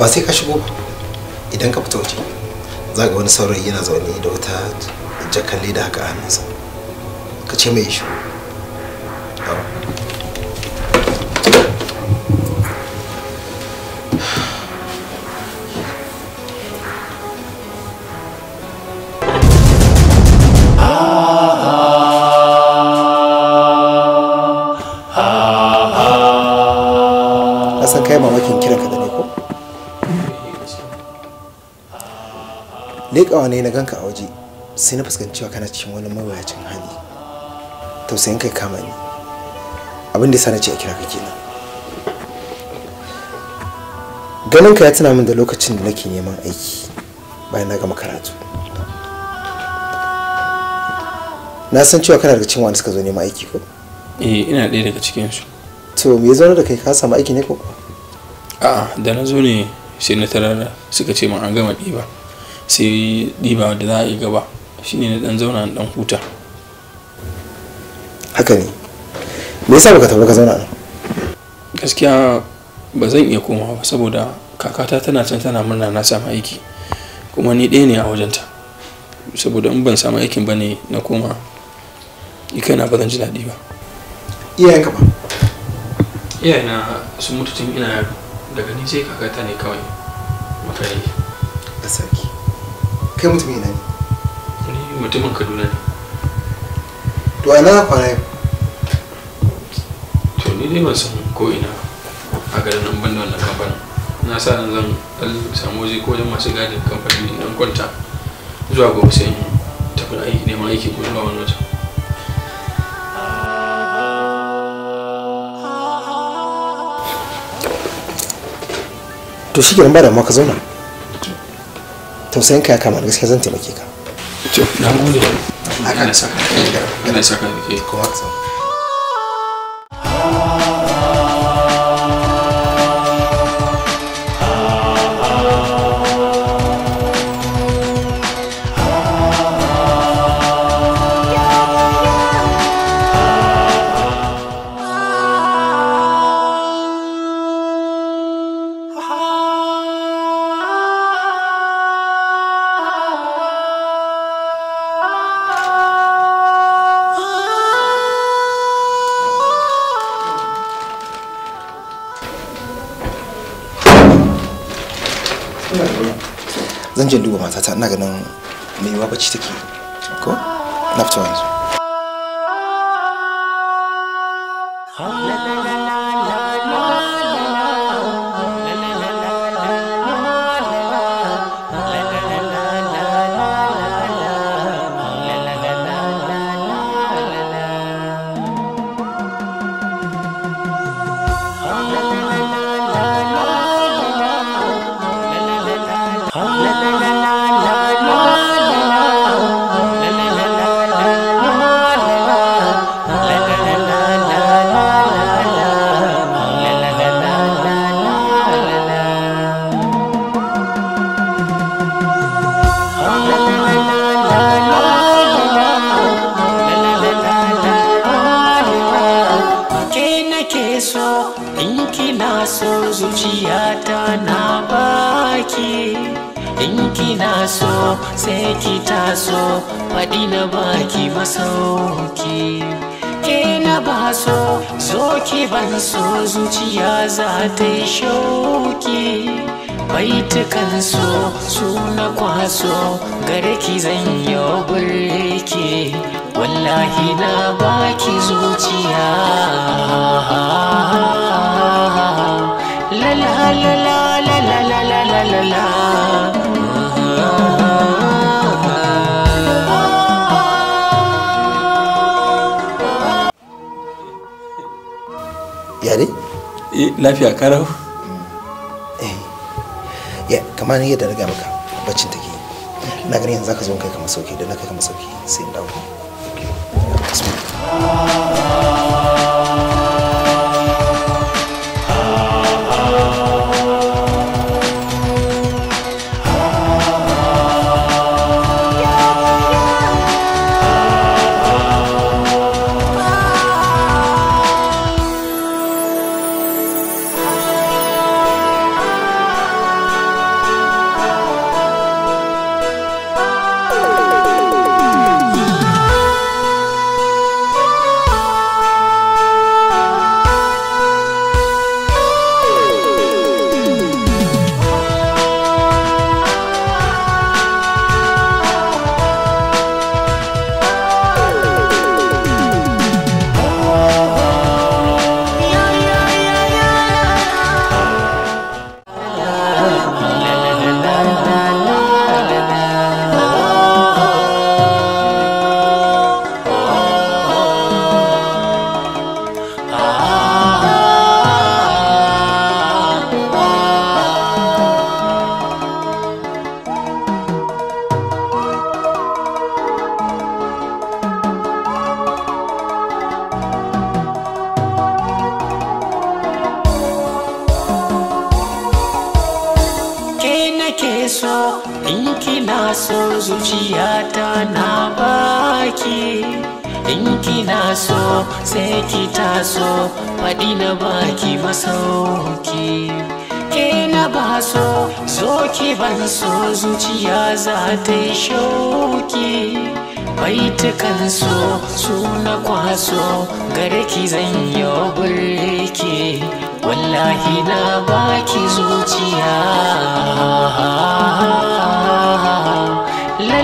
ba sai ka shigo idan ka fita waje za ga wani saurayi yana zaune da wata jakalle da haka a hannunsa ka ce mai shigo leƙawa ne na ganka a waje sai na fuskanci cewa kana cikin wani mawuyacin hali tausayin kai kama ni abin da yasa na ce a kira ka kenan ganin ka ya tuna min da lokacin da nake neman aiki bayan na gama karatu na san cewa kana daga cikin wanda suka zo neman aiki ko eh ina ɗaya daga cikin su to me ya zo da kai ka samu aiki ne ko a'a da na zo ne sai na tarara suka ce min an gama ɗiba sai ɗiba da za a yi gaba shine na dan zauna na dan huta haka ne me yasa baka tafi ka zauna nan gaskiya ba zan iya koma ba saboda kakata tana can tana murna na samu aiki kuma ni ɗaya ne a wajenta saboda in ban samu aikin ba ne na koma ni kaina ba zan ji daɗi ba yanka ba iyayena sun mutu tun ina yaro daga ni sai kakata ne kawai makarai a kai mutum ina ne mutumin kaduna ne to a na kwana yau to ni dai ban san ko ina a garin nan ban da wannan kamfanin na sa ran zan samu waje ko masu gadin kamfanin nan kwanta zuwa gobe sai tafi aiki neman aiki ko zuwa wani wata to shi ba da maka zauna tausayin ka ya kama gaskiya zan taimake ka. Ina saka ni ne Ina saka ni ke. Kuma na ganun sai ki taso faɗi na baki masauki ke na baso zo ki ban so zuciya za ta yi shauki baitukan so su na kwaso gare ki zan yi burke wallahi na baki zuciya la la la la la la la la la Eh, lafiya karau eh kamar yadda riga maka baccin take na ganin yanzu zaka zo kai ka masauki da na kai ka masauki sai in dawo baitukansu su na kwaso garki zan yi burke wallahi na baki zuciya la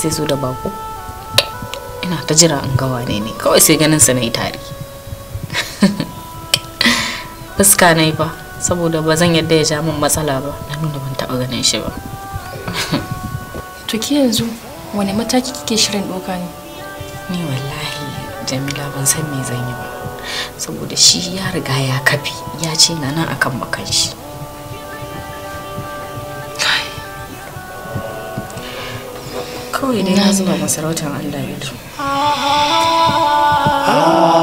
zai zo da bako ina ta jira in ga wane ne kawai sai ganin sa na yi tari fuska na ba saboda ba zan yadda ya ja min matsala ba na nuna ban taba ganin shi ba to ki yanzu wani mataki kike shirin doka ne ni wallahi jamila ban san me zan yi ba saboda shi ya riga ya kafi ya ce na nan akan bakan shi kawai dai na zuba mm. masarautar Allah ya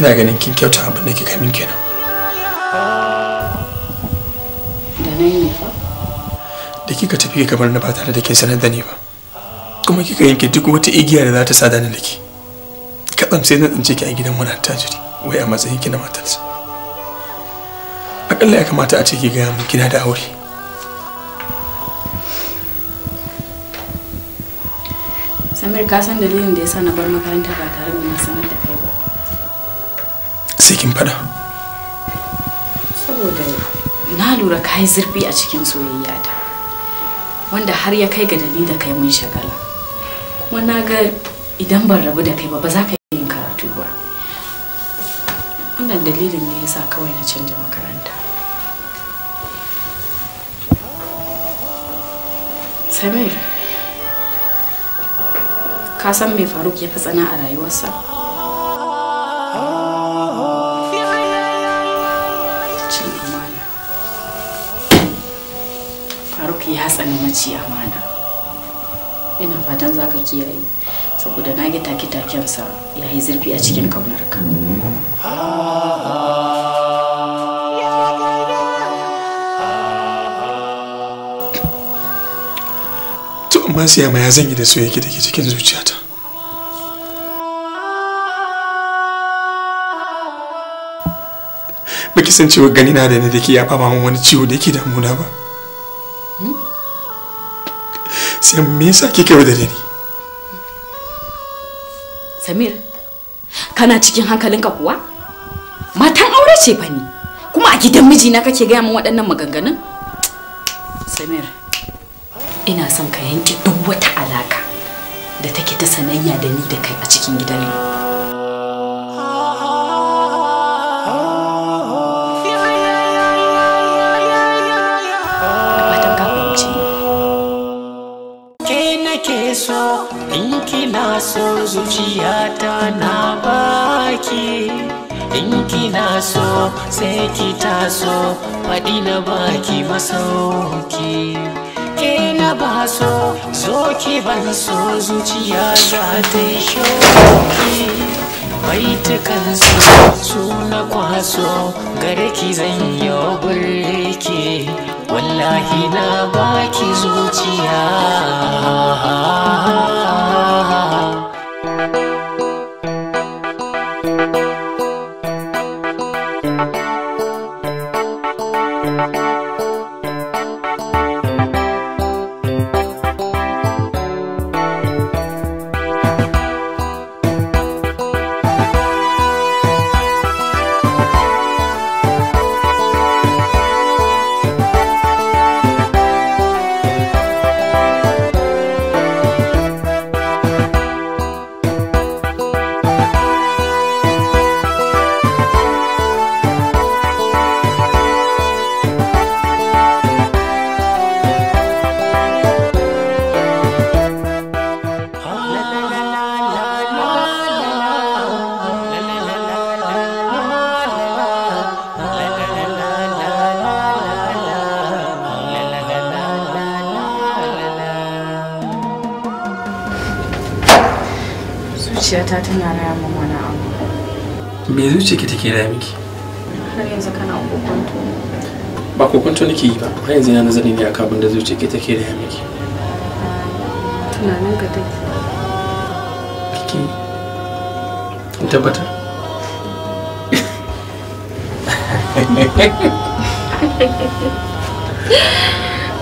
kina ganin kin kyauta abin da kika min kenan da nan kika tafi kamar na ba tare da kin sanar da ni ba kuma kika yanke duk wata igiya da za ta sada ni da ki kaɗan sai na tsince ki a gidan wani attajiri wai a matsayin ki na matarsa akalla ya kamata a ce ki gaya min kina da aure samir ka san dalilin da ya sa na bar makaranta ba tare da na sanar cikin fada. Saboda na lura ka yi zurfi a cikin soyayya ta wanda har ya kai ga dali da kai mun shagala. Kuma na ga idan ban rabu da kai ba ba za ka yi karatu ba. Wannan dalilin ne yasa kawai na canja makaranta. Samir, ka san me Faruk ya fi tsana a rayuwarsa? ni mace amana ina fatan za ka kiyaye saboda na gita kitakensa ya yi zurfi a cikin kaunarka to amma ma ya zanyi da soyayya da ke cikin zuciyata baki san cewa ganina da ni da ke ya fama wani ciwo da ke damuna ba Samir me yasa kike da ni? Samir, kana cikin hankalinka kuwa? Matan aure ce fa ni, kuma a gidan mijina kake gaya min waɗannan maganganun? Samir, ina son ka yanke duk wata alaka da take ta sanayya da ni da kai a cikin gidan nan. so in kina zuciya zuciyata na baki in kina so sai ki ta taso faɗi na baki masauki ke na ba so zo ki ban so zuciya za ta yi ta kan so su na kwaso gare ki zan yi burke wallahi na baki zuciya zuciyata tana raya min wani abu me ki take raya miki har yanzu kana kokonto ba kokonto nake yi ba har yanzu ina nazari ne akan abin zuciya ki take raya miki tunanin ka take kike in tabbata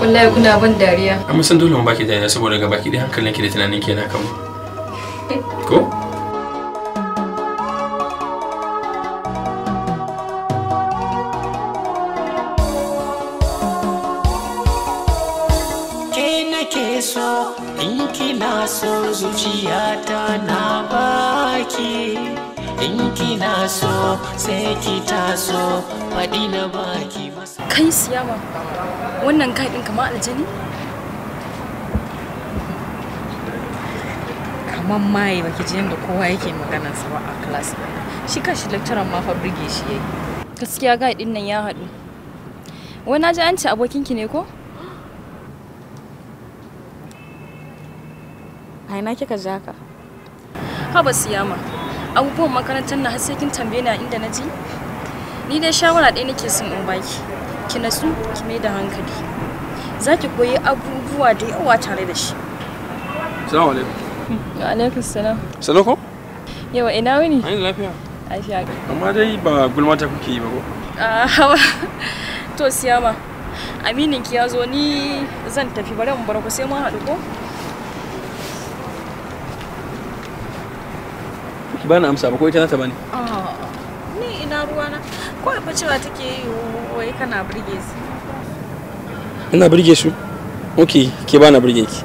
wallahi kuna ban dariya amma san dole mu baki dariya saboda ga baki dai hankalinki da tunaninki yana kan nake so in kina so zuciyata na baki in kina so sai ki taso faɗi na baki kai siyama wannan kai ɗin kamar aljani kamar maye baki ji yadda kowa yake maganar sa ba a class ba shi kanshi lecturer ma fa shi yayi gaskiya ga din nan ya haɗu wai na ji an ce abokinki ne ko a ina kika ka. haka ba siyama abubuwan makarantar na har sai kin tambaye ni a inda na ji ni dai shawara ɗaya nake son in baki ki su ki mai da hankali za ki koyi abubuwa da yawa tare da shi salamu alaikum wa alaikum salam ko yawa ina wuni A ina lafiya lafiya amma dai ba gulma ta kuke yi ba ko ah, hawa to siyama aminin ki ya zo ni zan tafi bari mu bar ku sai mun haɗu ko ba na amsa ba ko ita nata bane ah, ni ina ruwana ko ba cewa take yi wai kana burge su ina burge su ok ke ba na burge ki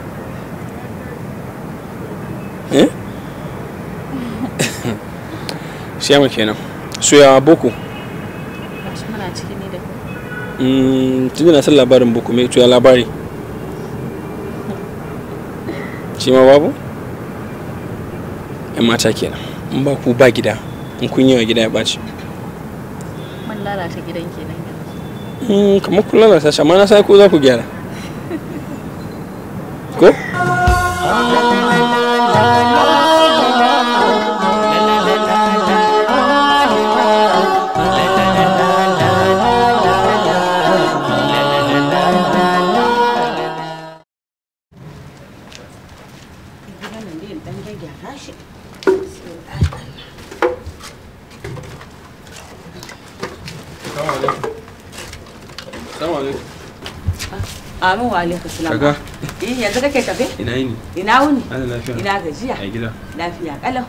eh siyama kenan suya boko muna ciki ne da mm, tun na san labarin boko mai tuya labari shi ma babu 'yan mata kenan in ba ku ba gida in kun yi wa gida ya ɓaci mun lalata gidan kenan yanzu kamar kun lalata shi amma na sai ko za ku gyara ko Amin wa alaikum salam. Kaga. Eh yanzu kake tafe? Ina yini? Ina wuni? Ana lafiya. Ina gajiya. A gida. Lafiya kalau.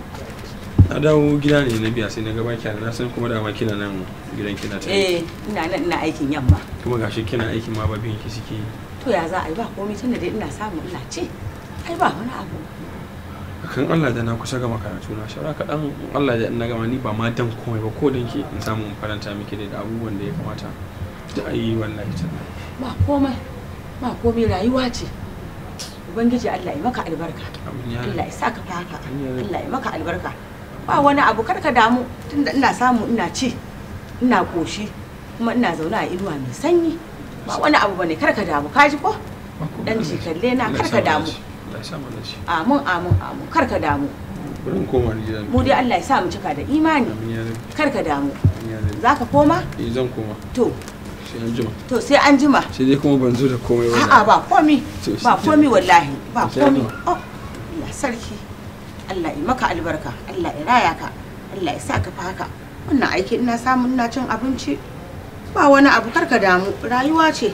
Na dawo gida ne na biya sai na gaba kina na san kuma dama kina nan gidan kina ta. Eh ina nan ina aikin yamma. Kuma gashi kina aikin ma ba biyan ki suke. To ya za a yi ba komai tunda dai ina samu ina ce. Ai ba wani abu. kan Allah da na kusa gama karatu na shara kaɗan Allah da na gama ni ba ma dan komai ba ko danke in samu faranta miki da abubuwan da ya kamata da ayi wallahi ta ba komai ba komai rayuwa ce ubangiji Allah ya maka albarka Allah ya sa ka faka Allah ya maka albarka ba wani abu kar ka damu tunda ina samu ina ci ina koshi kuma ina zaune a inuwa mai sanyi ba wani abu bane kar ka damu ka ji ko dan ji kalle na kar ka damu amin amin amin kar ka damu mu dai Allah ya sa mu cika da imani kar ka damu za ka koma? Eh, zan koma to sai an jima to sai an jima sai dai kuma ban zo da komai ba a'a ba komi ba komi wallahi ba komi oh Allah sarki Allah ya maka albarka Allah ya raya ka Allah ya fa haka wannan aiki ina samun ina cin abinci ba wani abu karka damu rayuwa ce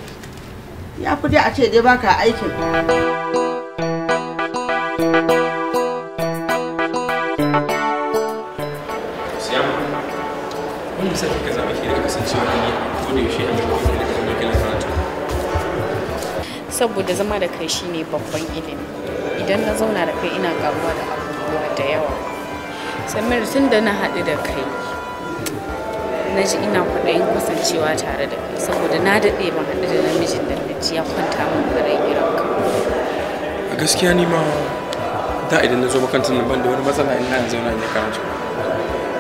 ya fi dai a ce dai baka aikin Siyamu, wanda sa kika zaɓi ke da kasancewa ne saboda zama da kai shi ne babban ilimi idan na zauna da kai ina karuwa da abubuwa da yawa samir tun da na haɗu da kai na ji ina kwaɗayin kasancewa tare da kai saboda na daɗe ban haɗu da namijin da na ya kwanta min da rai irin ka a gaskiya ni ma da idan na zo makantar nan ban da wani matsala ina zauna ne karatu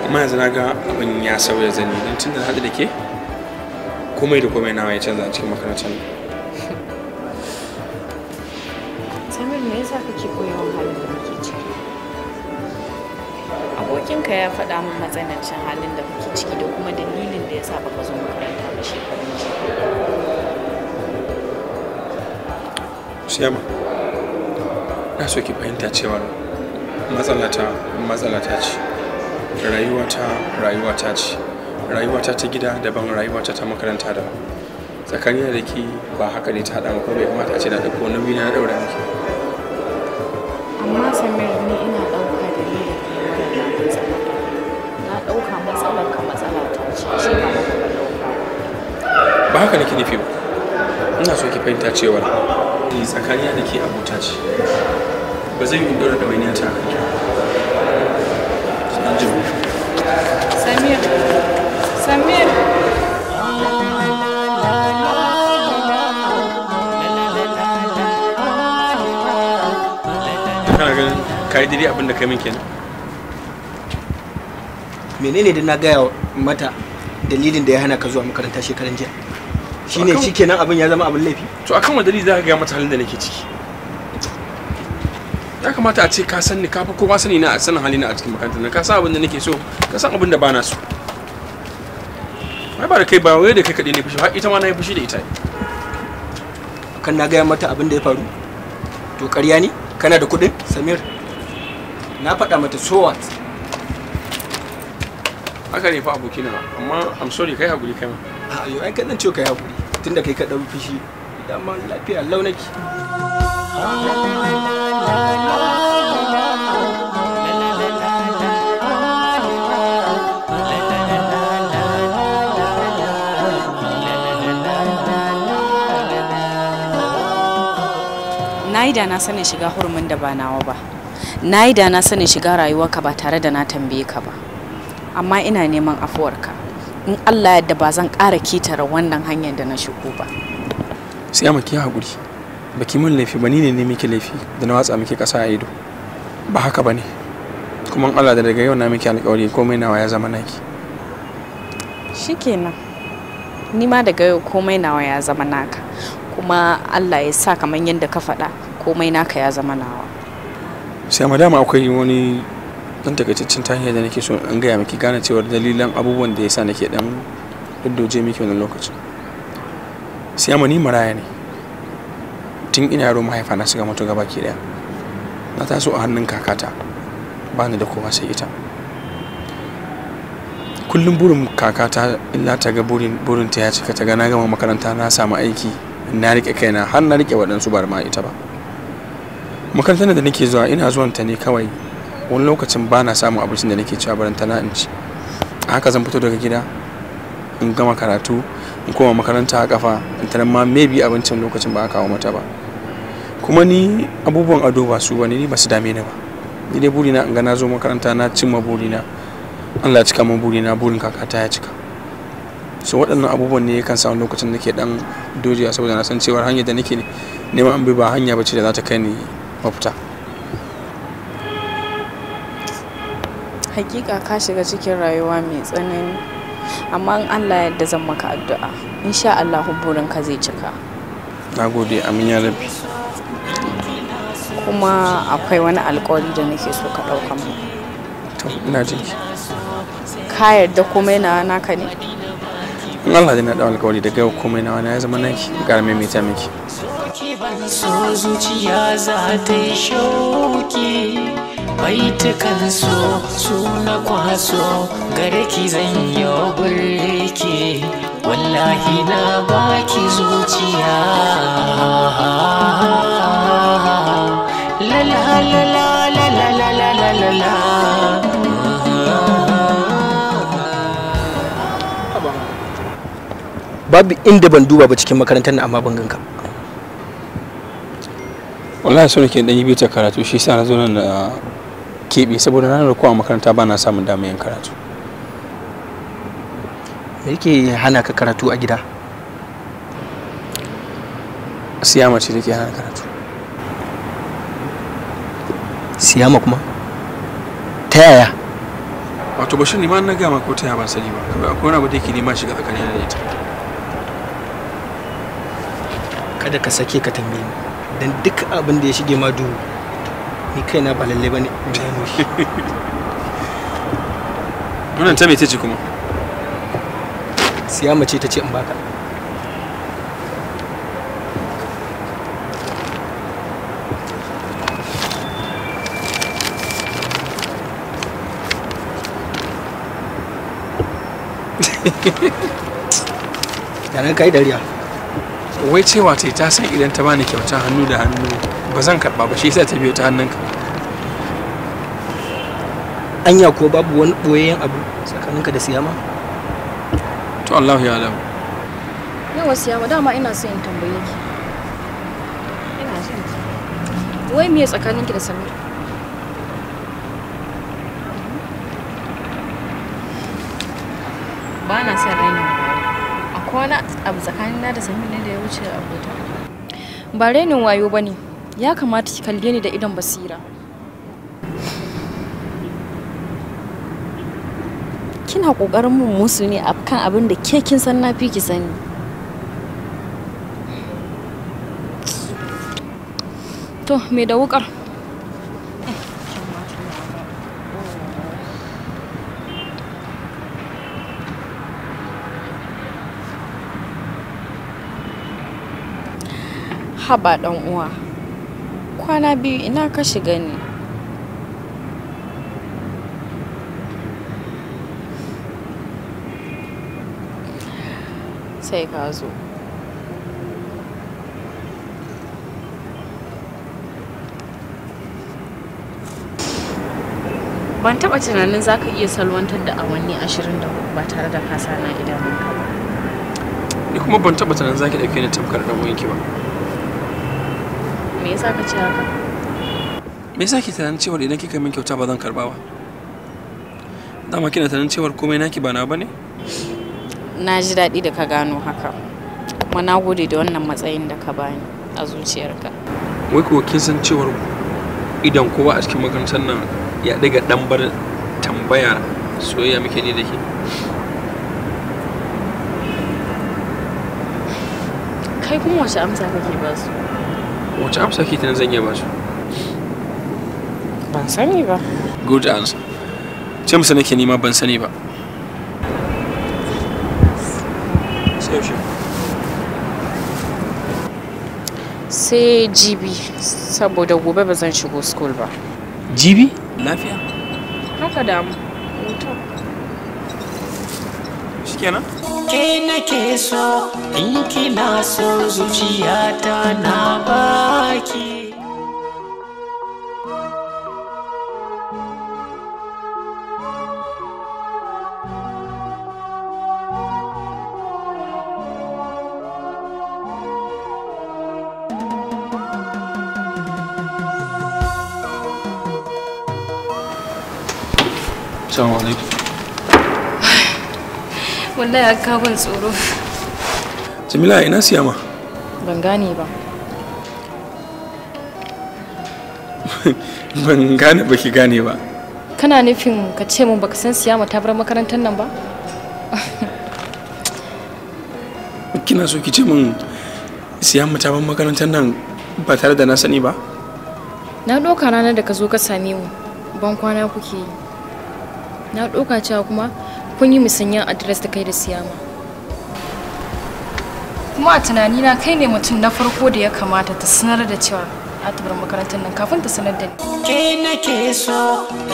kuma yanzu na ga abin ya sauya zani don tun da na haɗu da ke komai da komai na ya canza a cikin makarantar samir me yasa kake koyon halin da kake ciki abokinka ya faɗa min matsanancin halin da kake ciki da kuma dalilin da ya sa baka zo makaranta ba shekarun Siyama, na so ki fahimta cewa matsalata matsalata ce, rayuwata rayuwata ce. rayuwata ta gida daban rayuwata ta makaranta daban tsakanina da ke ba haka ne ta haɗa maka bai kamata a ce na ɗauko nauyi na ɗaura miki amma samir ni ina ɗauka da ni da kai na ɗauka matsalar ka matsala ta ce shi ba ba haka nake nufi ba ina so ki fahimta cewa ni tsakanina da ke abota ce ba zan yi ɗora ɗawainiya ta a kanki Samir. سمير kana ganin kai dai abin da kai min kenan menene da na gaya mata dalilin da ya hana ka zuwa makaranta shekaran jiya shine shikenan abin ya zama abin laifi to akan wa dalili za ka gaya mata halin da nake ciki ya kamata a ce ka san ni ka fi kowa sani na a sanin halina a cikin makaranta na ka san abin da nake so ka san abin da ba na so ai ba da kai ba wai da kai kaɗai ne fushi har ita ma na yi fushi da ita. Kan na gaya mata abin da ya faru? To ƙarya ne? Kana da kuɗin Samir? Na faɗa mata so what? Haka ne fa abokina amma I'm sorry kai haƙuri kai ma. A yau ai kaɗan ce kai haƙuri tunda kai ka ɗau fushi. ma lafiya oh, nake. yi da na sanin shiga hurumin da ba nawa ba na yi da na sanin shiga rayuwarka ba tare da na tambaye ka ba amma ina neman afuwarka in allah yadda ba zan ƙara ketare wannan hanyar da na shigo ba sai ya maki haƙuri ba ki min laifi ba ni ne ne miki laifi da na watsa miki ƙasa a ido ba haka ba ne kuma allah da daga yau na miki alƙawari komai nawa ya zama naki shikenan ni ma daga yau komai nawa ya zama naka kuma allah ya sa kamar yadda ka faɗa komai naka ya zama nawa sai madama akwai wani dan takaitaccen tahiya da nake so an gaya miki gane cewar dalilan abubuwan da yasa nake dan doddoje miki wannan lokacin sai amma ni maraya ne tun ina yaro mahaifa na shiga mutu gaba ke daya na taso a hannun kakata ba ni da kowa sai ita kullum burin kakata illa ta ga burin ta ya cika ta ga na gama makaranta na samu aiki na rike kaina har na rike waɗansu ba ma ita ba makarantar da nake zuwa ina zuwan ta ne kawai wani lokacin ba na samun abincin da nake cewa barin tana in ci a haka zan fito daga gida in gama karatu in koma makaranta a kafa in tanan ma maybe abincin lokacin ba a kawo mata ba kuma ni abubuwan ado ba su wani ni ba su dame ni ba ni dai burina in ga na zo makaranta na cimma burina Allah ya cika min burina burin kakata ya cika so waɗannan abubuwan ne kan samun lokacin da ke dan dojiya saboda na san cewar hanyar da nake neman an bi ba hanya bace da za ta kai ni mafita hakika ka shiga cikin rayuwa mai tsanani amma in allah yadda zan maka addu'a insha allah ka zai cika nagode amin ya rabi kuma akwai wani alkawari da nake so ka ɗaukan mu to ina jiki ka yarda komai na naka ne in allah na ɗau alkawari daga komai na wani ya zama naki ga mai miki so zuciya za ta yi shauki baitukan so su na kwaso garki zan yi burki wallahi na baki zuciya babu inda ban duba ba cikin makarantar na amma ban ganka wallahi sun ke dan yi ta karatu shi yasa na zo nan na keɓe saboda na rako a makaranta ba na samun damar yin karatu me yake hana ka karatu a gida siyama ce yake hana karatu siyama kuma ta yaya wato bashir ne ma na gama ko ta yaya ban sani ba akwai wani abu da yake nima shiga tsakanin da ita kada ka sake ka tambaye ni dan duk abin da ya shige ma duhu ni kaina ba lalle bane gano shi wannan ta ce kuma siya mace ta ce in baka Jangan kai dari dariya wai cewa ta ta san idan ta bani kyauta hannu da hannu ba zan karba ba shi yasa ta biyo ta hannunka anya ko babu wani boyayyen abu tsakaninka da siyama to Allahu ya alam yawa siyama dama ina son in tambaye ki ina son ki wai me tsakaninki da Samir ba na son raina akwai wani abu na da samir ne da ya wuce a abota ba renin wayo ba ne ya kamata ki kalle ni da idon basira kina ƙoƙarin mun musu ne a kan abin da ke kin san na fi ki sani to me da wukar haba ɗan uwa kwana biyu ina ka shiga ne sai ka zo ban taɓa tunanin za ka iya salwantar da awanni ashirin da ba tare da kasa na idanunka ba ni kuma ban taɓa tunanin za ki ɗauke ni tamkar ɗan ba me yasa ka ce haka me yasa ki tunanin cewa idan kika min kyauta ba zan karba ba dama kina tunanin cewa komai naki ba na bane na ji daɗi da ka gano haka kuma na gode da wannan matsayin da ka bani a zuciyarka wai kuwa kin san cewar idan kowa a cikin makarantar nan ya ɗiga ɗambar tambaya soyayya muke ni da ke kai kuma wace amsa kake ba su wace amsa ke tunan zan iya ba su ban sani ba good answer ce musu nake nima ban sani ba sai jibi saboda gobe ba zan shigo school ba jibi lafiya haka damu shikenan ke nake so in kina zuciyata na baki Assalamu alaikum. wallahi ka kawo tsoro jamila ina siya ma ban gane ba ban gane ba ki gane ba kana nufin ka ce mun baka san siyama ta bar makarantar nan ba kina so ki ce mun siyama ta bar makarantar nan ba tare da na sani ba na ɗauka ranar da ka zo ka same mu ban kwana kuke yi na ɗauka cewa kuma kun yi musanyen adres da kai da siyama kuma a tunani na kai ne mutum na farko da ya kamata ta sanar da cewa atibar makarantar nan kafin ta sanar da ni ke nake so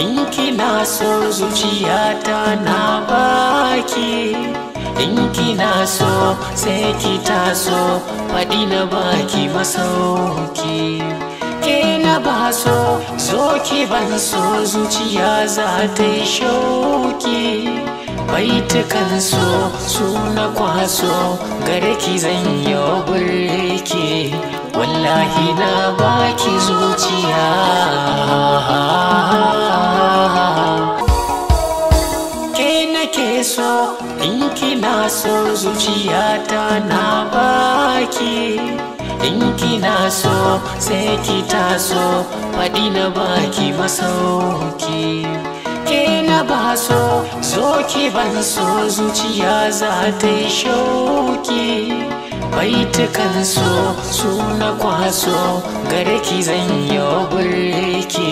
in kina so zuciyata na baki in kina so sai ki taso faɗi na baki masauki ke na ba so zo ki ban so zuciya za ta yi shauki baitukan so su na kwaso garki zan yi burke wallahi na baki zuciya ke nake so in kina so zuciyata na baki in kina so sai ki taso faɗi na baki masauki ke na baso zoki ki ban so zuciya za ta yi shauki baitukan so su kwaso gare ki zan yi burki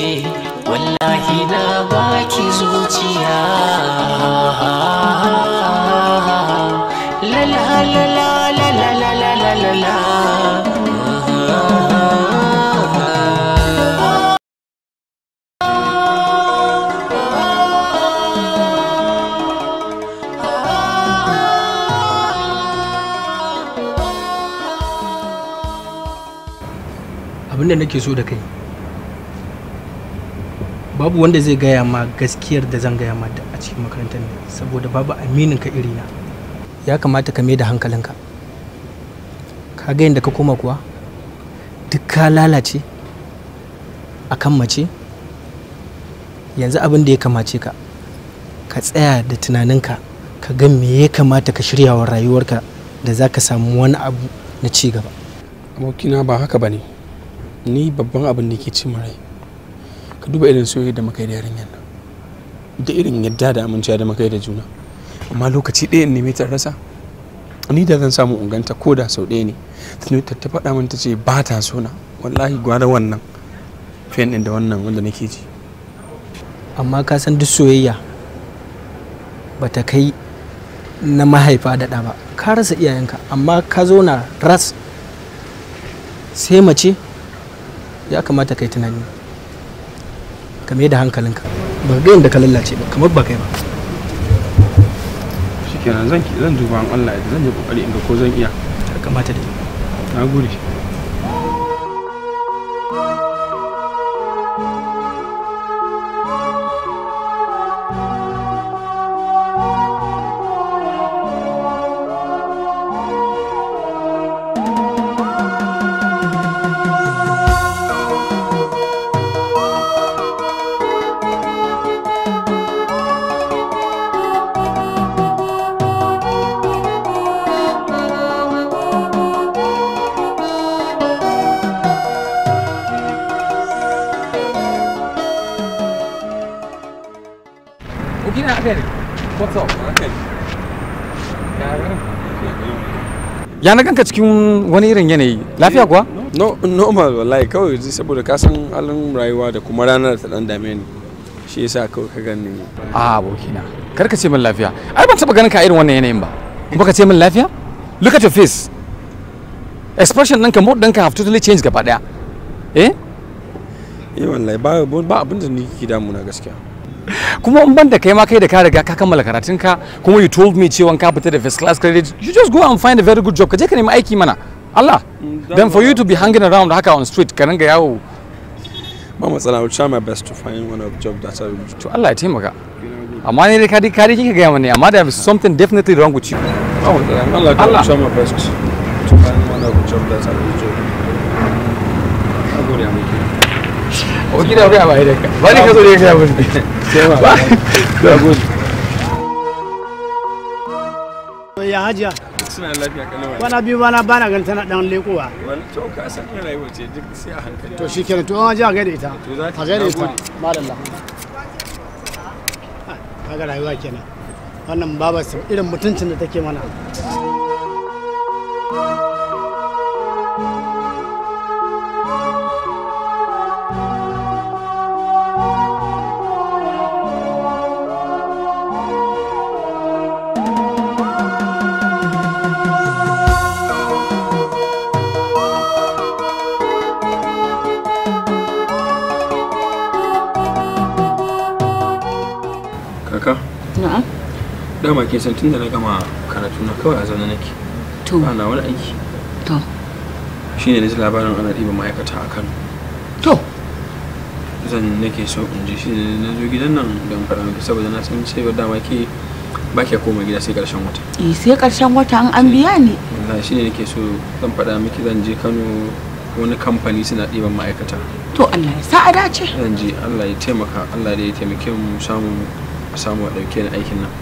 wallahi na baki zuciya la la la la la la la la la abin da nake so da kai babu wanda zai gaya ma gaskiyar da zan gaya ma a cikin makarantar ne saboda babu aminin ka irina ya kamata ka mai da hankalinka ka ga yadda ka koma kuwa duk ka lalace a kan mace yanzu abin da ya kamace ka ka tsaya da tunaninka ka ga me ya kamata ka shirya wa rayuwarka da za ka samu wani abu na ci gaba abokina ba haka ba ne ni babban abin da ke ci rai ka duba irin soyayya da muka yi da yarinyar nan da irin yadda da amincewa da muka yi da juna amma lokaci ɗaya ne ta rasa ni da zan samu unganta ko da sau ɗaya ne ta ta faɗa min ta ce ba ta so na wallahi gwada wannan fiyan ɗin da wannan wanda nake ji amma ka san duk soyayya ba ta kai na mahaifa da ɗa ba ka rasa iyayenka amma ka zo na ras sai mace ya kamata kai tunani kame da hankalinka ba ga yadda ka lallace ba kamar ba kai ba shi zan zan duba an Allah ya zan yi kokari inda ko zan iya ya kamata da na gode ya na ganka cikin wani irin yanayi lafiya kuwa no normal wallahi kawai saboda ka san halin rayuwa da kuma ranar ta dan dame ni shi yasa kawai ka gani a bokina kar ka ce min lafiya ai ban taba ganin ka irin wannan yanayin ba kuma ka ce min lafiya look at your face expression ɗinka mood ɗinka have totally changed gaba daya eh eh wallahi ba abin da ni ke damuna gaskiya kuma in banda da kai ma kai da ka riga ka kammala karatun ka kuma you told me cewa ka fita da first class credit you just go and find a very good job ka je ka nemi aiki mana Allah then for you to be hanging around haka on street ka ringa yawo ba matsala I'll try my best to find one of job that I to Allah ya taimaka amma ne dai ka dai ka dai kika ga mana amma there is something definitely wrong with you Allah I'll try my best to find one of job that I will do Agora, amigo. wakil da a bayan ka ba ne ka zo da ya gaya mun sai ma da bana bana tana dan lekowa wani to ka san ina rayuwa ce duk sai a hankali to shikenan to an ji a gaida ita a gaida ita madalla kaga rayuwa kenan wannan babar irin mutuncin da take mana thank you dama ke san tun da na gama karatu na kawai a zaune nake to ana wani aiki to shine ne labarin ana ɗiba ma'aikata a Kano to zan nake so in ji shi na zo gidan nan don fara miki saboda na san sai dama ke ba ke koma gida sai karshen wata eh sai karshen wata an an biya ne wallahi shine nake so zan fada miki zan je Kano wani kamfani suna ɗiban ma'aikata to Allah ya sa a dace zan je Allah ya taimaka Allah da ya taimake mu samu samu a ɗauke ni aikin nan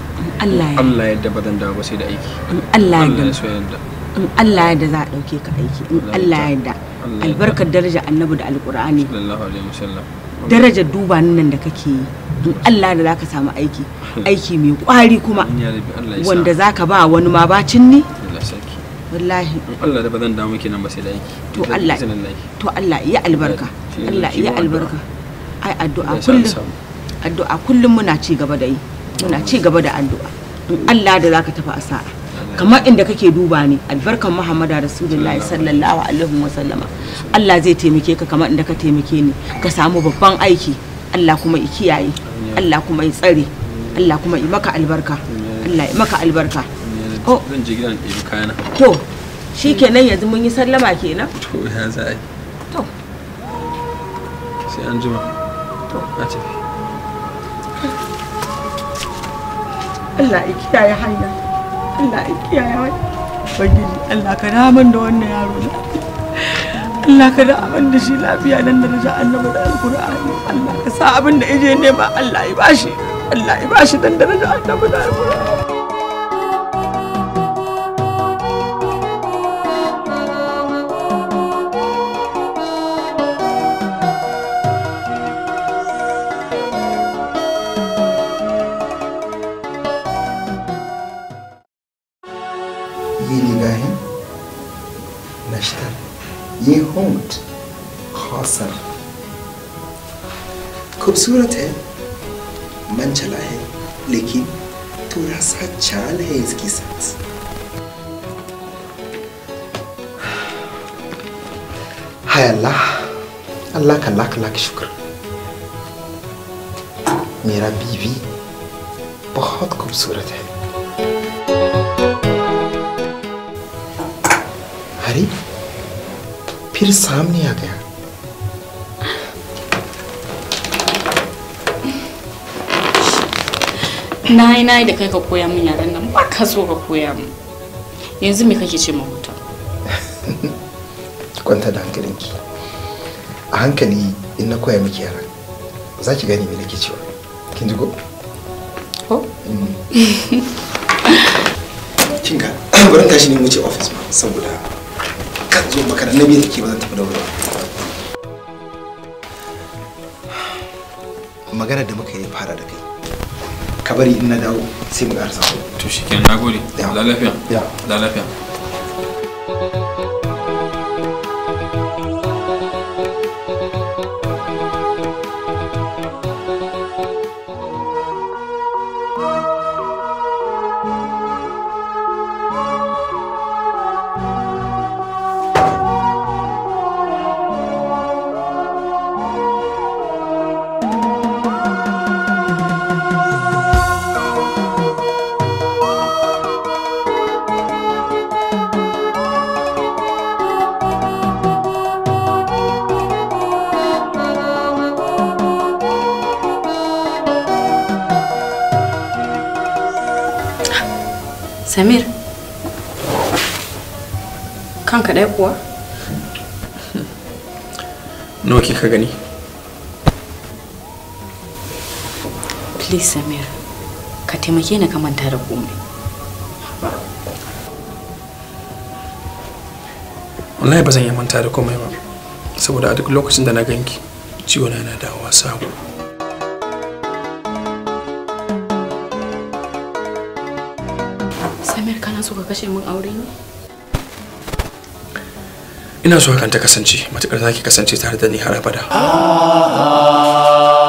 Allah ya Allah yadda ba zan dawo ba sai da aiki in Allah ya yarda yadda Allah ya yarda za a dauke ka aiki in Allah yadda yarda albarkar daraja annabi da alqur'ani sallallahu alaihi wasallam darajar duba nan da kake yi in Allah da zaka samu aiki aiki mai kwari kuma wanda zaka ba wani ma bacin ni wallahi Allah da ba zan dawo miki nan ba sai da aiki to Allah to Allah ya albarka Allah ya albarka ai addu'a kullum addu'a kullum muna ci gaba da yi muna ci gaba da addu'a in Allah da zaka tafi asa'a kamar inda kake duba ni albarkan Muhammadu Rasulullahi sallallahu alaihi wa sallama Allah zai taimake ka kamar inda ka taimake ni ka samu babban aiki Allah kuma ya kiyaye Allah kuma ya tsare Allah kuma ya maka albarka Allah ya maka albarka oh zan je gidan ɗebi kayana to shikenan yanzu mun yi sallama kenan to ya za to sai an jima to a tafi Allah ya kiyaye hanya Allah ya kiyaye hanya bagiji Allah ka daman da wannan yaro na Allah ka daman da shi lafiya nan da raja annabi da alqur'ani Allah ka sa abin da ije nema Allah ya bashi Allah ya bashi dan daraja annabi da alqur'ani खूबसूरत है मन चला है लेकिन थोड़ा सा चाल है इसकी सांस हाय अल्लाह अल्लाह का लाख लाख शुक्र मेरा बीवी बहुत खूबसूरत है अरे फिर सामने आ गया na yi na yi da kai ka koya min yaren nan ba ka so ka koya min yanzu me kake ce ma huta kwanta da hankalinki a hankali in na koya miki yaren za ki gani me nake cewa kin ji ko ko kin ga gurin tashi ne mu ce office ma saboda kan zo maka na biyu take ba zan tafi da wuri magana da muka yi fara da kai ka bari in na dawo sai mu karasa to shikenan nagode da lafiya da lafiya man kaɗai kuwa? Nawa kika gani? Please Samir, ka taimake ni ka manta da komai. Wallahi ba zan yi manta da komai ba, saboda a duk lokacin da na ganki, ciwo na yana dawowa sabo. Samir kana so ka kashe min aure ne? ina so hakan ta kasance matukar zaki kasance tare da ni har abada ah, ah.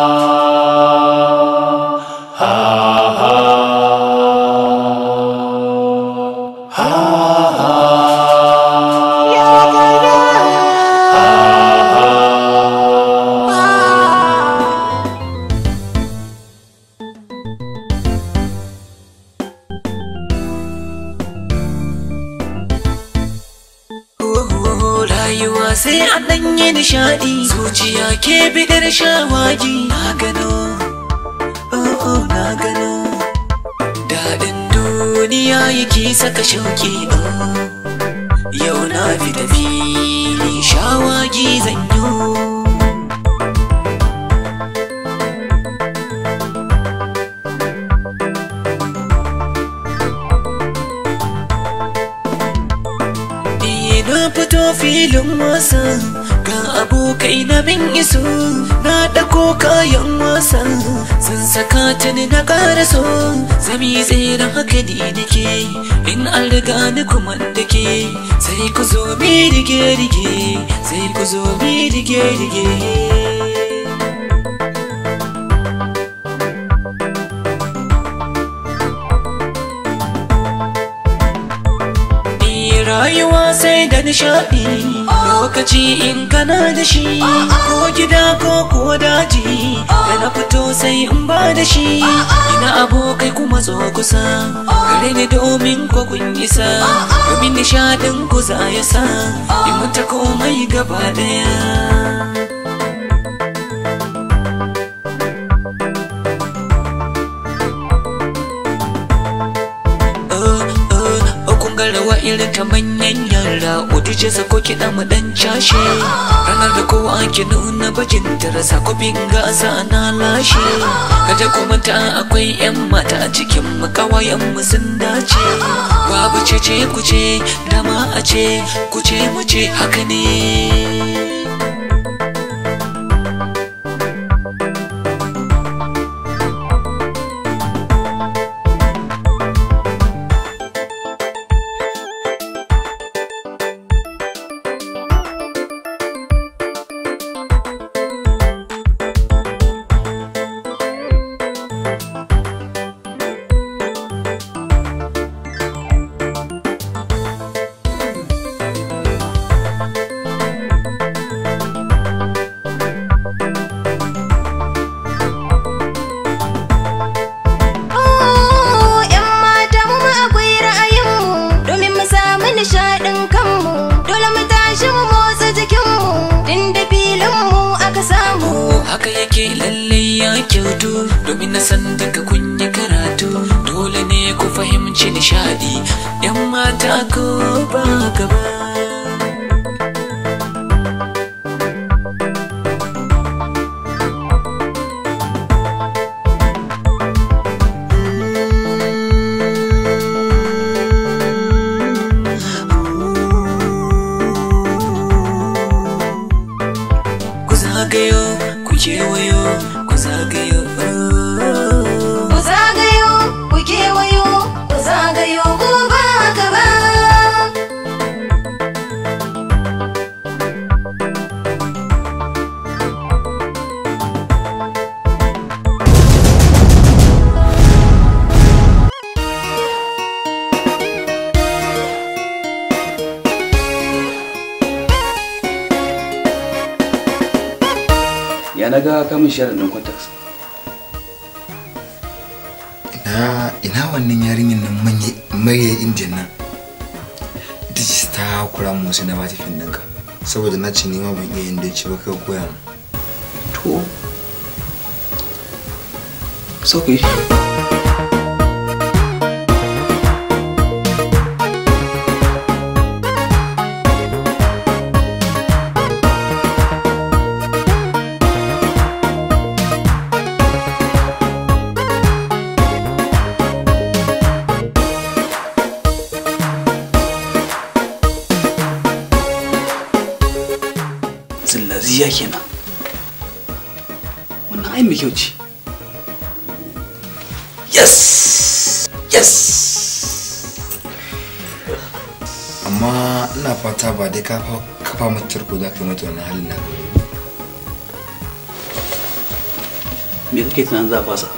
da haka ni nake in an riga ni kuma dake sai ku zo mi rige rige sai ku zo mi rige rige nishaɗi lokaci in kana da shi ko gida ko kuwa daji da na fito sai in ba da shi ina abokai kuma zo kusa kare ne domin ko kun isa domin nishaɗin ku za ya sa in mutu komai gaba ɗaya oh, oh, oh, irin ta manya sa sako kiɗa mu dan cashe Ranar da kowa ake nuna bajin tara ko bin gasa na lashe Kaje ku manta akwai yan mata a cikin mu kawayen mu sun dace Babu ce ce ku ce dama a ce ku ce mu ce haka ne ta'aziyya kenan wannan ai mai kyau ce yes yes amma ina fata ba dai ka kafa mata tarko za ka yi mata wannan halin na me kake tunanin za a fasa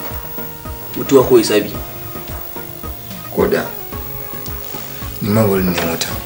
mutuwa ko isabi ko da ma wurin ne mutuwa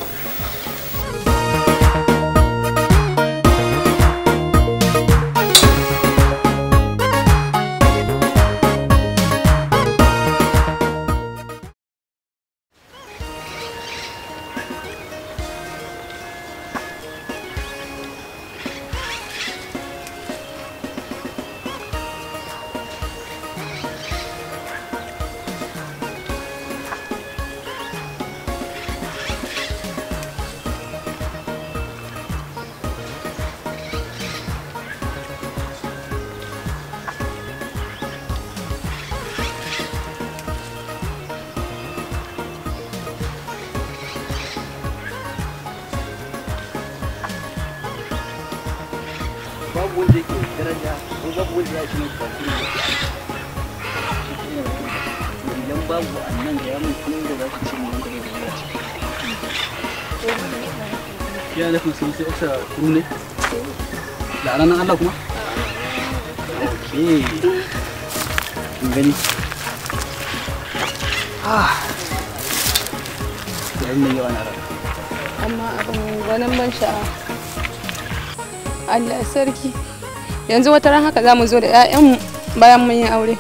yanzu wata ran haka za mu zo da 'ya'yanmu bayan mun yi aure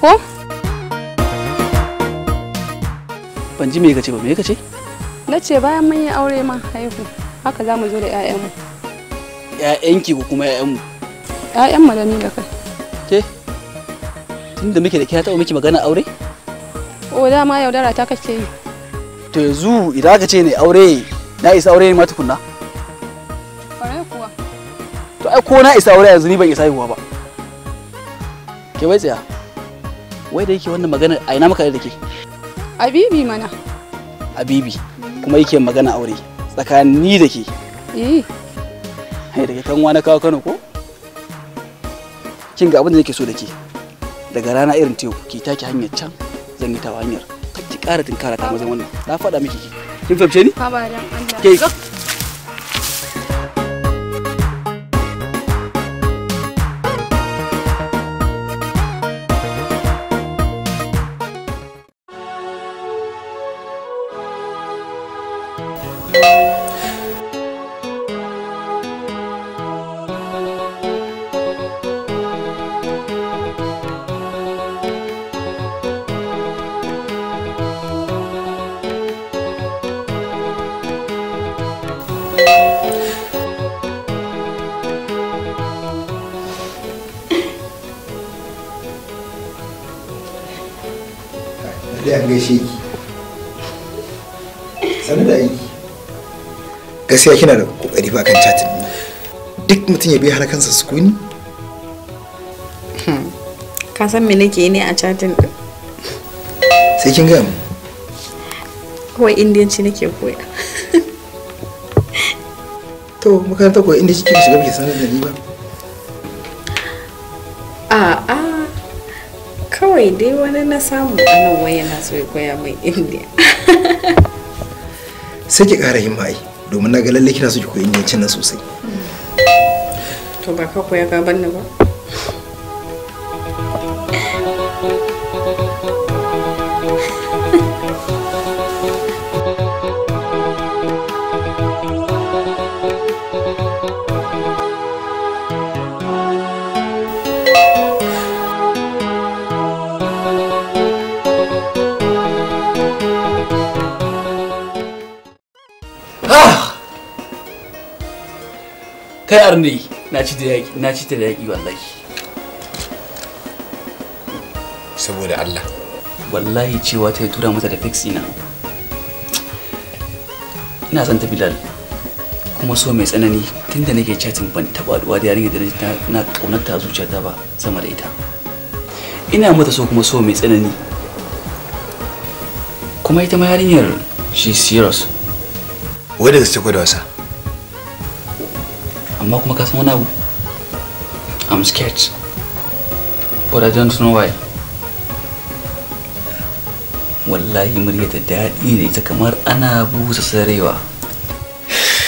ko ban ji me kace ba me kace na ce bayan mun yi aure ma haihu haka za mu zo da 'ya'yanmu 'ya'yanki ko kuma 'ya'yanmu 'ya'yanmu da ni da kai ke tun da muke da kya taɓa miki magana aure o dama yaudara ta kake yi to yanzu idan aka ce ne aure na isa aure ne ma tukunna ai ko na isa aure yanzu ni ban isa haihuwa ba ke wai tsaya wai da yake wannan magana a ina maka da ke abibi mana abibi kuma yake magana aure tsakanin ni da ke eh hai daga kan wani kawo Kano ko kin ga abin da nake so da ke daga rana irin teku ki take hanyar can zan yi ta hanyar ki ƙara tinkara ta mazan wannan na faɗa miki ki kin fahimce ni? Ba ba dan Allah. sai kina da kokari ba kan chatin duk mutum ya bi har su kuni hmm. ka san me nake ne a chatin din sai kin ga mu kawai indiyanci nake koya to makaranta koyi inda kike shiga baki sanar da ni ba a a kawai dai wani na samu a nan waya na so ya koya mai indiya sai ki kara yin ma'ai domin na ga lalle kina so ki koyi nan sosai to ba ka koya ka banna ba kai arne na ci da yaki na ci da yaki wallahi saboda Allah wallahi cewa ta yi tura mata da fixi na ina son ta bilal kuma so mai tsanani tunda nake chatting ban taba duwa da yarinya da na kaunarta a ta ba sama da ita ina mata so kuma so mai tsanani kuma ita ma yarinyar she serious wadda ta ce da wasa amma kuma ka san wani abu I'm scared but I don't know why wallahi murya ta daɗi ne ta kamar ana busa sarewa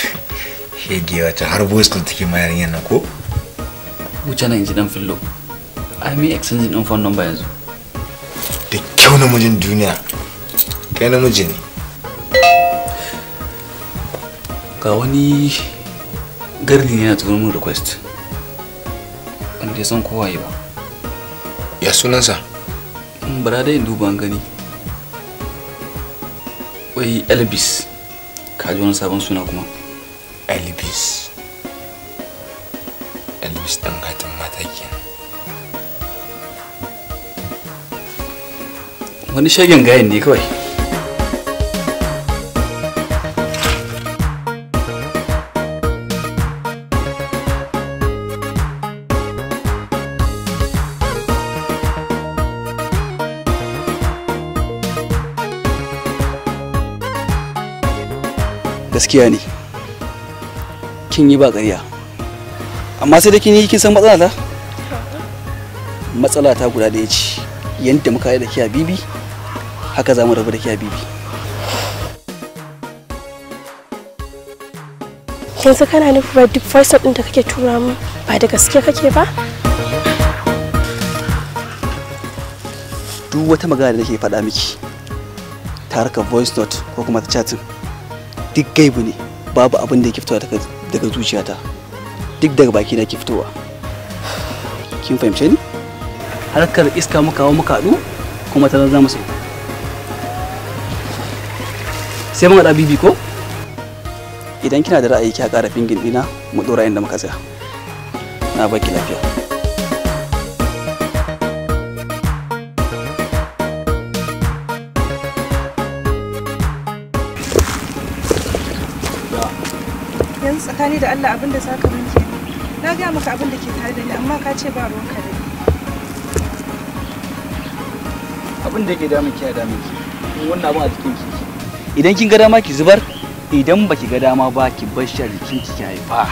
shege wata har ta take mayar yana ko wuce na inji dan fillo ai mai exchange din phone number yanzu da kyau namijin duniya kai namiji ne ga wani gardi ne yana turo mun request wanda ya san kowa ba ya sunansa mm, bara dai in duba an gani wai elvis ka ji wani sabon suna kuma elvis elvis dan katin mata kenan wani shagen gayan ne kawai gaskiya ne kin yi ba ƙarya amma sai da kin yi kin san matsala ta matsala ta guda ɗaya ce yadda muka yi da kiya bibi haka za mu rabu da kiya bibi yanzu kana nufin ba duk voice ɗin da kake tura mu ba da gaske kake ba duk wata magana da nake faɗa miki ta harkar voice note ko kuma ta chatting duk gaibu ne babu abin da ya fitowa daga zuciyata duk daga baki na ke fitowa kin fahimce ni harkar iska muka hawa muka haɗu kuma ta zama mu sai sai mun haɗa bibi ko idan kina da ra'ayi ki haƙa rafin gindina mu ɗora inda muka tsaya na baki lafiya da Allah abin da zaka min ke na gaya maka abin da ke tare da ni amma ka ce ba ruwan kare abin da ke da miki ya da miki wannan abin a cikin ki idan kin ga dama ki zubar idan baki ga dama ba ki bar jikin ki ki haifa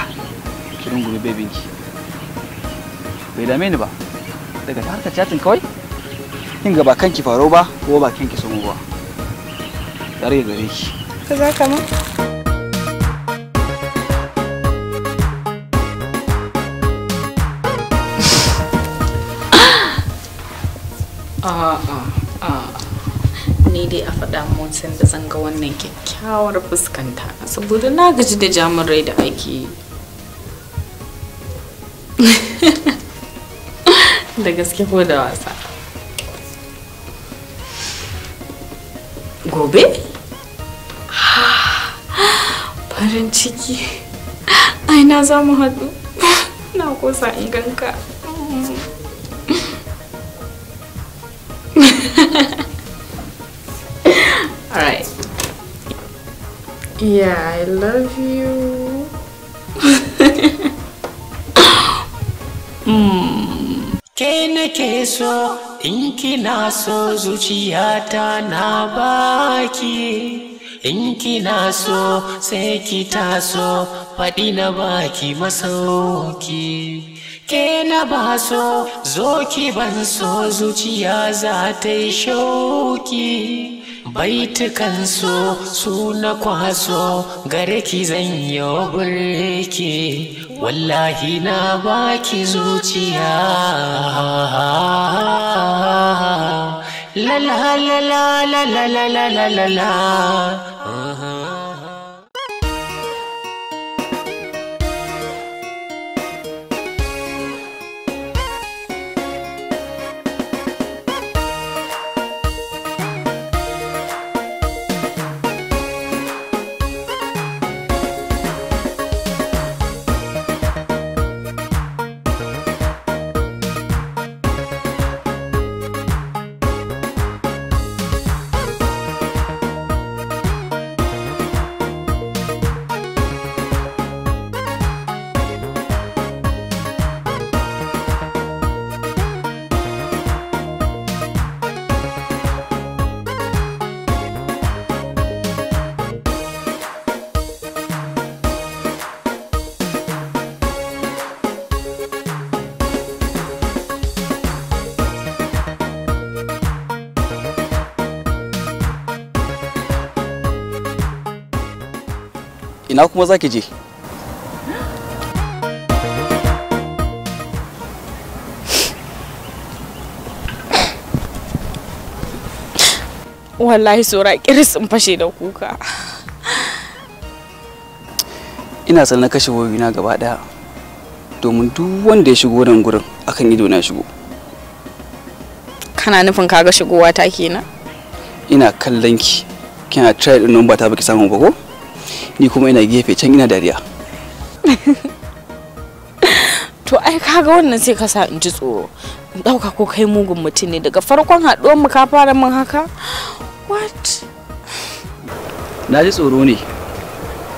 ki rungume bebin ki bai dame ni ba daga ta harkar chatin kawai kin ga ba kanki faro ba ko ba kanki sumu ba tare gare ki ka za ka mun damuwa da zanga wannan kyakkyawar fuskanta saboda na gaji da jamun rai da ake yi da gaske ko da wasa gobe farin ciki aina za mu haɗu na kosa inganta. ganka Yeah, I love you. Ke nake so in kina so zuciyata na baki in kina so sai ki taso faɗi na baki masauki. ke na ba so zo ki ban so zuciya za ta yi shauki so su na kwaso gare ki zan yi burki wallahi na baki zuciya la la la la la la la la la ina kuma za ki je wallahi saura kiris in fashe da kuka ina san na kashe na gaba daya domin duk wanda ya shigo nan gurin akan ido na shigo kana nufin kaga shigowa ta kenan ina kallon ki kina try din ba ta baki samun ba ko ni kuma ina gefe can ina dariya to ai kaga wannan sai ka sa in ji tsoro in dauka ko kai mugun mutum ne daga farkon haɗuwar mu ka fara min haka what na ji tsoro ne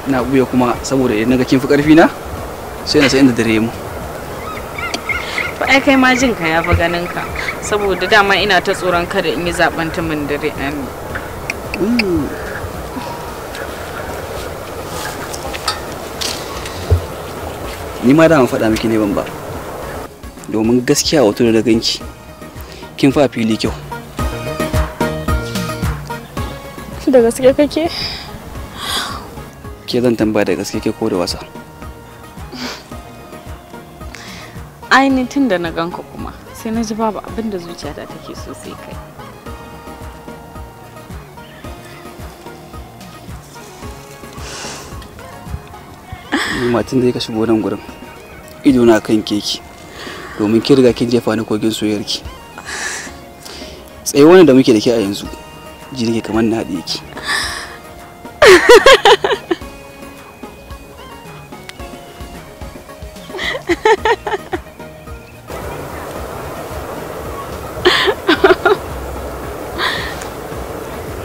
ina buya kuma saboda idan naga kin fi karfi na sai na san inda dare mu ba ai kai ma jin ka yafi ganin ka saboda dama ina ta tsoron kada in yi zaben mun dare ɗan ni ma dama faɗa miki ne ban ba domin gaskiya wato da ganki kin fa fili kyau da gaske kake ke zan tambaya da gaske ke ko da wasa ainihin tun da na ganka kuma sai na ji babu abin da zuciyata take so sai kai matin da ka shigo nan gurin ido na kan keki domin ki riga kin jefa ni kogin tsaye tsayuwar da muke da ke a yanzu ji nake kamar na haɗe ki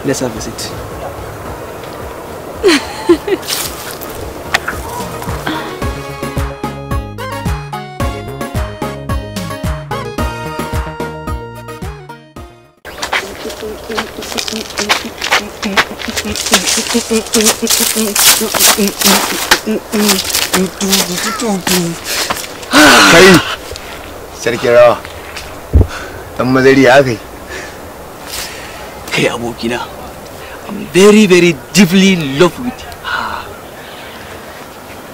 Let's have a seat. kai sarki rawa dan mazari ya kai kai abokina i'm very very deeply in with you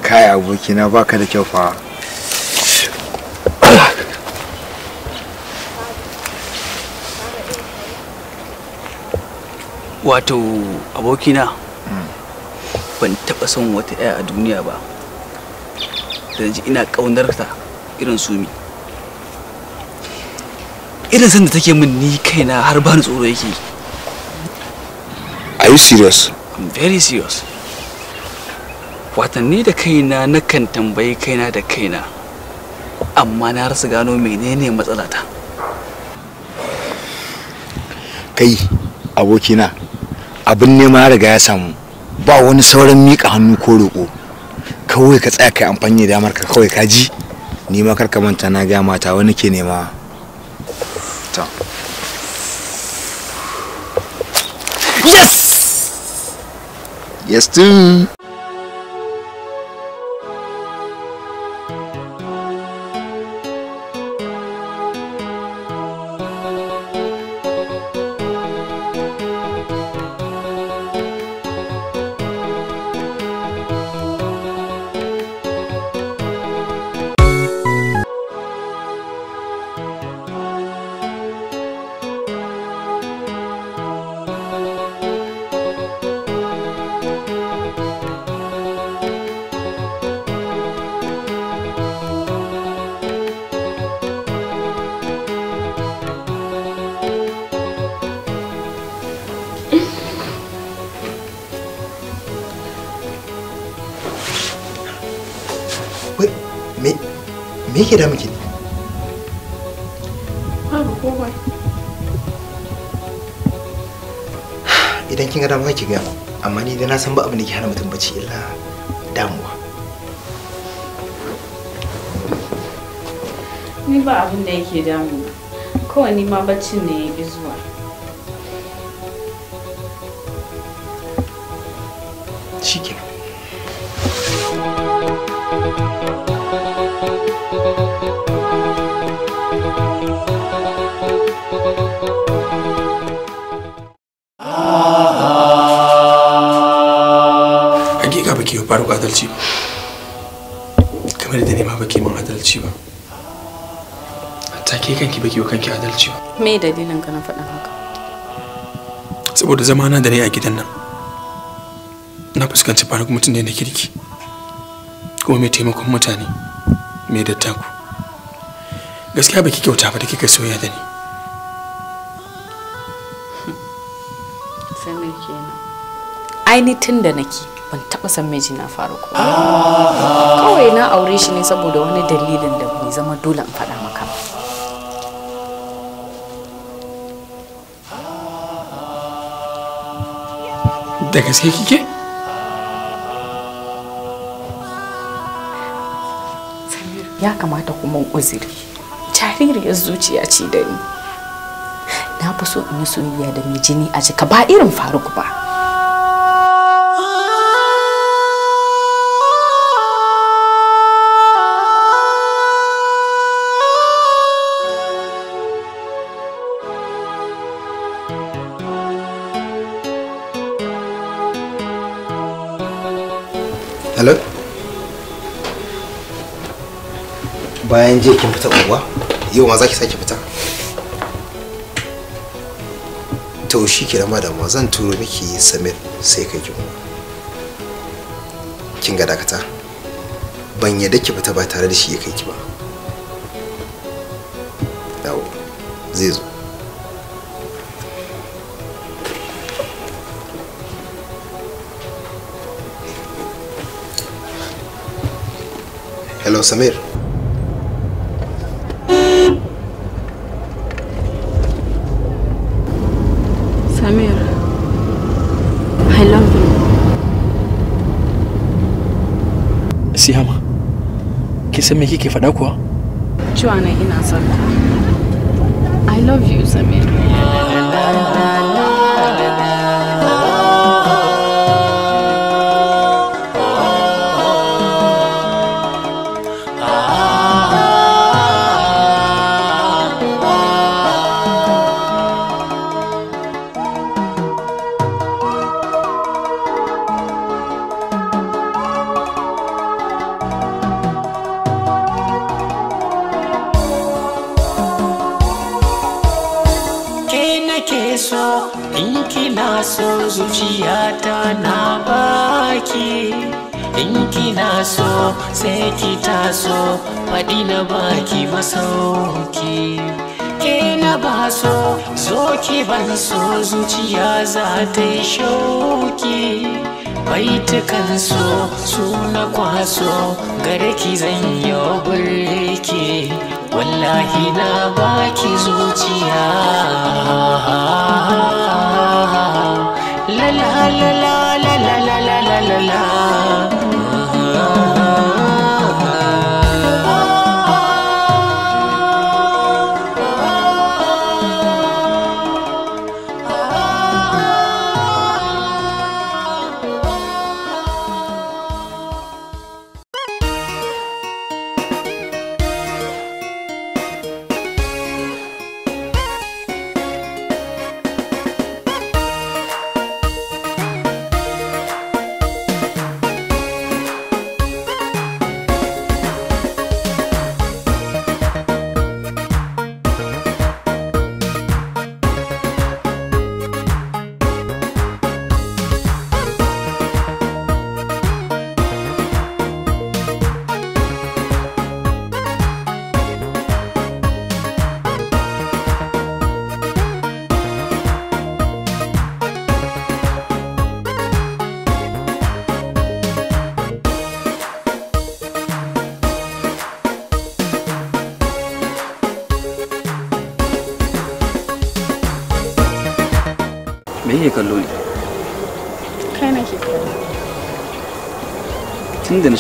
kai abokina baka da kyau fa wato abokina ban taba son wata 'ya a duniya ba da ji ina kaunar ta irin sumi irin san da take min ni kaina har ba ni tsoro yake are you serious i'm very serious watanni da kaina na kan tambayi kaina da kaina amma na rasa gano menene matsalata kai abokina abin nema riga ya samu ba wani sauran miƙa hannu ko roƙo kawai ka tsaya kai amfani da damar ka kawai ka ji ni ma karka manta na ga mata wani ke nema ta yes yes animal batinei visual. Chique. cabe aqui yi paro cada ba, kamar da nema baki mun cada ba. ke kanki baki wa kanki adalci ba me dalilin ka na faɗa haka saboda zama na da rai a gidan nan na fuskanci faruk mutum da na kirki kuma mai taimakon mutane mai dattaku gaskiya baki kyauta ba da kika soya da ni samir kenan aini tun da nake ban taɓa san miji na faru ko ah! kawai na aure shi ne saboda wani dalilin da bai zama dole in da gaske kike ya kamata kuma uziri jaririyar zuciya ce da ni na fi so in yi soyayya da mai jini a jika ba irin faruk ba bayan je kin fita yau ma za ki sake fita to shi ke ma damuwa zan turo miki samir sai kai ki kin ga dakata ban yadda ki fita ba tare da shi ya kai ki ba dawo zai zo hello samir ki san me kike faɗa kuwa? Cewa ina son ka. I love you, Samir. zuciya zuciyata na baki in kina so sai ki taso faɗi na baki masauki ke na ba so so ki ban so zuciya za ta yi shauki baitukan so su na kwaso gare ki zan yi burke wallahi na baki zuciya la la la la la la la la la la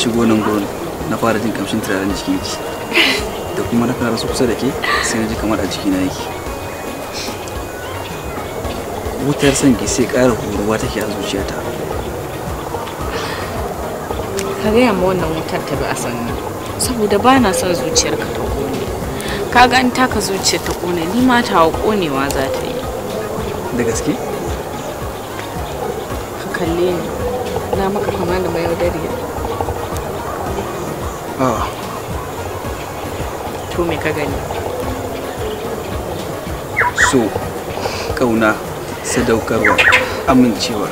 shigo nan gurin na fara jin kamshin turaren jikin ki da kuma na fara kusa da ke sai na ji kamar a jikina yake wutar son ki sai ƙara horuwa take a zuciyata ka gaya ma wannan wutar ta bi a sannan saboda ba na son ka ta kone ka ga in taka zuciyar ta kone ni ma ta konewa za ta yi da gaske ka kalle ni na maka kama da yaudari Ah. to me ka gani so kauna sadaukarwa amincewa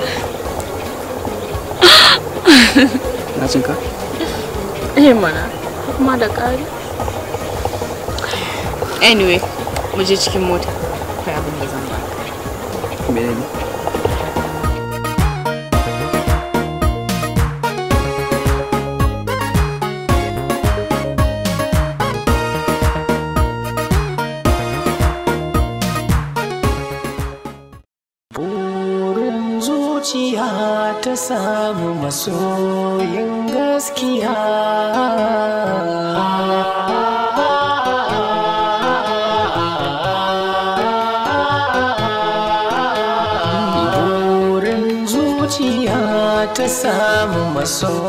na cinka? eh mana kuma da ƙari anyway mu je cikin mota kai abin da zan ba ka. masoyin gaskiya burin zuciya ta samu maso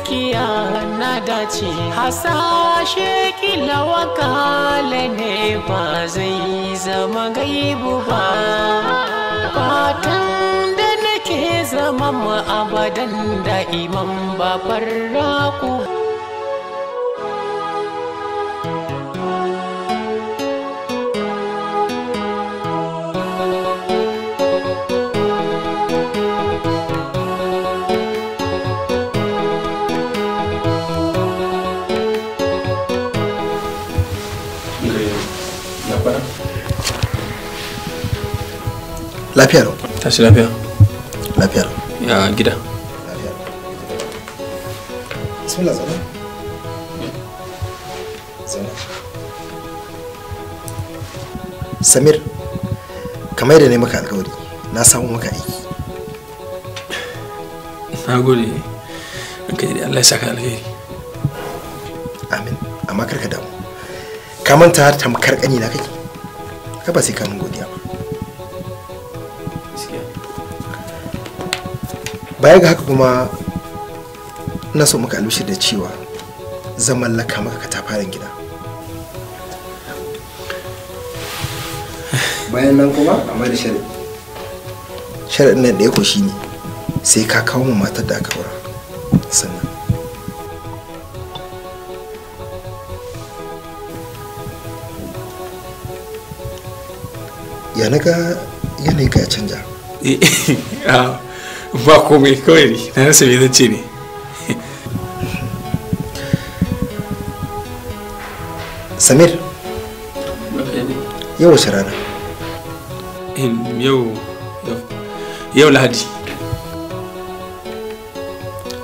gaskiya na dace hasashe kila wakale ne ba zai zama gaibu ba fatan da nake zama mu abadan da imam ba farraku lafiya lau tashi lafiya lafiya lau ya gida lafiya bismillah zauna zauna samir kamar yadda ne maka alkawari na samu maka aiki na gode ka yi Allah saka alheri amin amma karka damu ka manta har tamkar kani na kake ka ba sai ka mun godiya ba baya ga haka kuma na so muka alushi da cewa zan mallaka maka katafaren gida bayan nan kuma amma da shari'a shari'a nan da ko shi ne sai ka kawo mu matar da aka wura sannan ya naga yanayi ka ya canja eh, ah. ba komai kawai na rasa me zan ce ne samir yau wace rana yau lahadi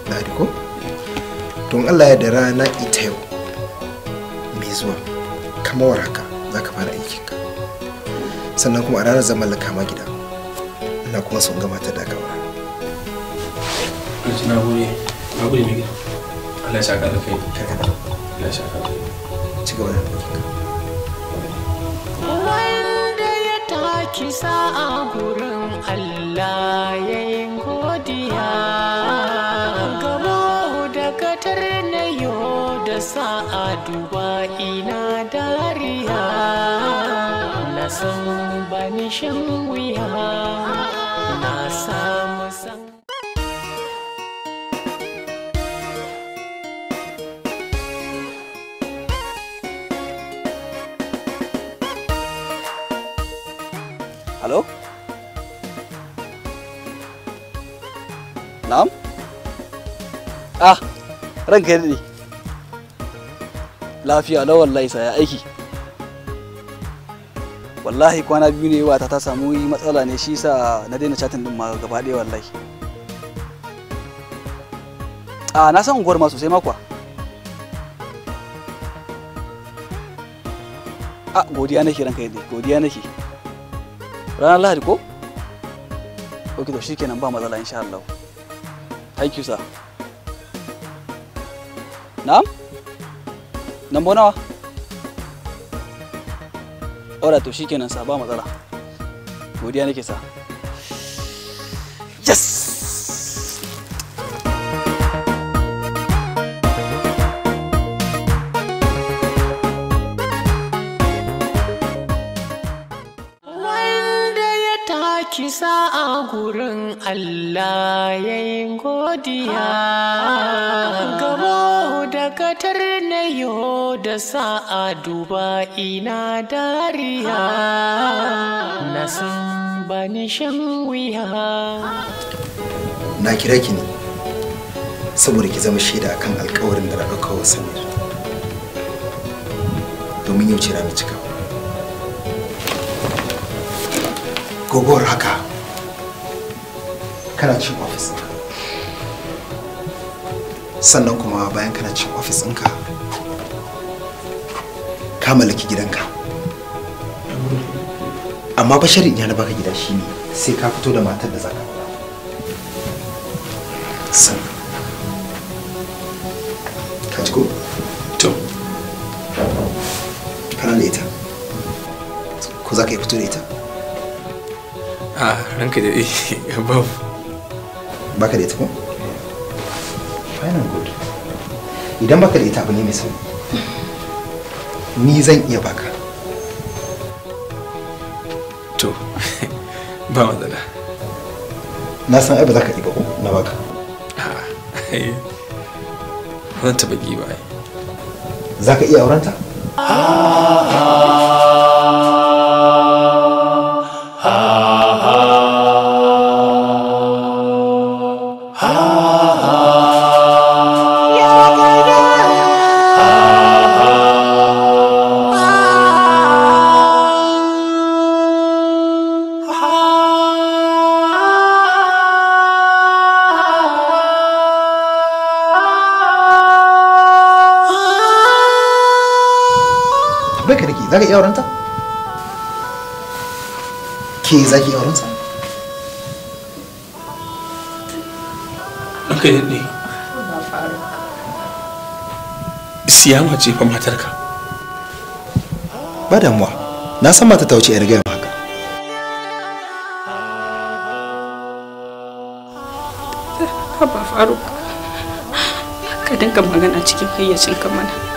lahadi ko don allah ya da rana ita yau mai zuwa kamawar haka za ka fara aikinka sannan kuma a ranar zan mallaka ma gida na kuma son gama ta dakawa na gode na gode mai gida Allah ya saka da kai Allah ya saka da kai ci gaba da wanda ya taki sa'a gurin Allah ya yi godiya gamo da katar na yo da sa'a duba ina dariya na san ba ni shan wuya ah ranka ya daɗe lafiya na wallahi saya aiki wallahi kwana biyu ne wata ta samu matsala ne shi sa na daina chatin din ma gaba ɗaya wallahi a ah, na san unguwar ma sosai makwa a ah, godiya nake ranka ne godiya nake ranar lahadi ko ok to kenan ba matsala insha Allah thank you sir na'am lambo nawa ora to shikenan matsala godiya nake sa sa sa'a duba ina dariya na san ba ni shan wuya na kira ki ne saboda ki zama shaida akan alkawarin da na ɗauka wa samir domin yau ce rana cika gogowar haka kana cin ofis sannan kuma bayan kana cin ofis ɗinka ka mallaki gidanka amma fa shari'i na baka gida shine sai ka fito da matar da zaka san ka ji ko to kana da ita ko zaka yi fito da ita a ranka da babu baka da ita ko fine and good idan baka da ita abu ne mai sauki ni zan iya baka to ba matsala na san ai ba za ka ba na baka zan taɓa ba za ka iya aurenta? iya aurenta ke za ki iya aurensa ranka yi ne siyama ce fa matarka ba damuwa na san mata ta wuce yar gaya haka haba faru ka dinga magana cikin hayyacinka mana